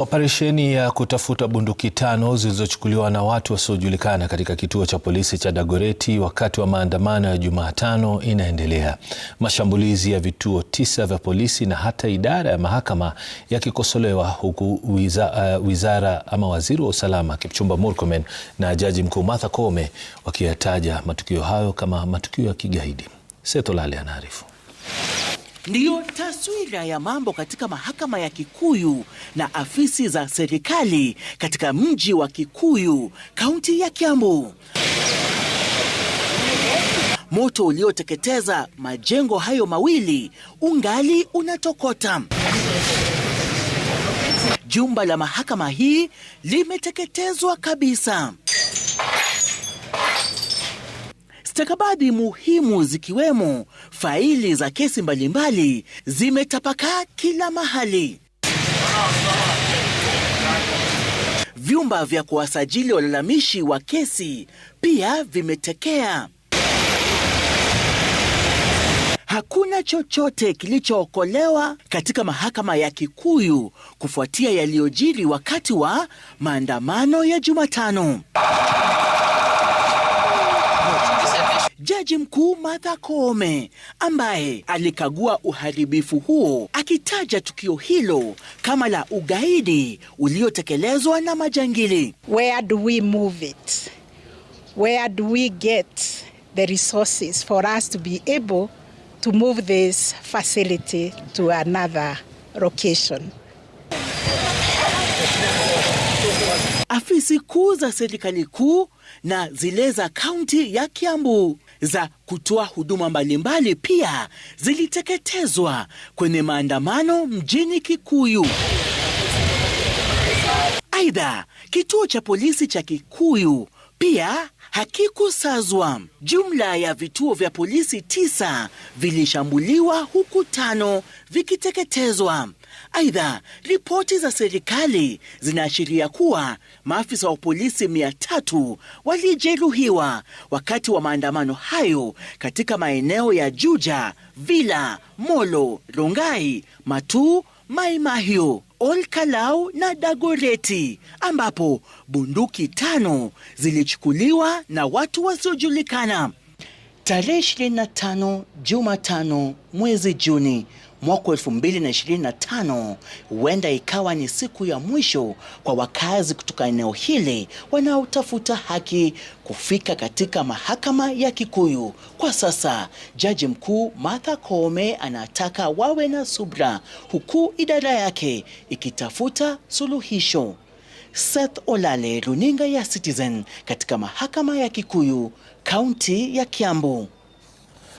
Operesheni ya kutafuta bunduki tano zilizochukuliwa na watu wasiojulikana katika kituo cha polisi cha Dagoretti wakati wa maandamano ya Jumatano inaendelea. Mashambulizi ya vituo tisa vya polisi na hata idara ya mahakama yakikosolewa huku wiza, uh, wizara ama waziri wa usalama Kipchumba Murkomen na Jaji Mkuu Martha Koome wakiyataja matukio hayo kama matukio ya kigaidi. Seto Lale anaarifu. Ndiyo taswira ya mambo katika mahakama ya Kikuyu na afisi za serikali katika mji wa Kikuyu, kaunti ya Kiambu. Moto ulioteketeza majengo hayo mawili ungali unatokota. Jumba la mahakama hii limeteketezwa kabisa. Stakabadhi muhimu zikiwemo faili za kesi mbalimbali zimetapakaa kila mahali. Vyumba vya kuwasajili walalamishi wa kesi pia vimetekea. Hakuna chochote kilichookolewa katika mahakama ya Kikuyu kufuatia yaliyojiri wakati wa maandamano ya Jumatano. Jaji Mkuu Martha Koome ambaye alikagua uharibifu huo akitaja tukio hilo kama la ugaidi uliotekelezwa na majangili. Where do we move it? Where do we get the resources for us to be able to move this facility to another location? Afisi kuu za serikali kuu na zile za kaunti ya Kiambu za kutoa huduma mbalimbali pia ziliteketezwa kwenye maandamano mjini Kikuyu. Aidha, kituo cha polisi cha Kikuyu pia hakikusazwa. Jumla ya vituo vya polisi tisa vilishambuliwa huku tano vikiteketezwa. Aidha, ripoti za serikali zinaashiria kuwa maafisa wa polisi mia tatu walijeruhiwa wakati wa maandamano hayo katika maeneo ya Juja, Vila, Molo, Rongai, matu maimahio olkalau na Dagoreti ambapo bunduki tano zilichukuliwa na watu wasiojulikana. Tarehe 25 Jumatano mwezi Juni mwaka 2025 huenda ikawa ni siku ya mwisho kwa wakazi kutoka eneo hili wanaotafuta haki kufika katika mahakama ya Kikuyu. Kwa sasa, Jaji Mkuu Martha Koome anataka wawe na subra huku idara yake ikitafuta suluhisho. Seth Olale, Runinga ya Citizen katika mahakama ya Kikuyu, kaunti ya Kiambu.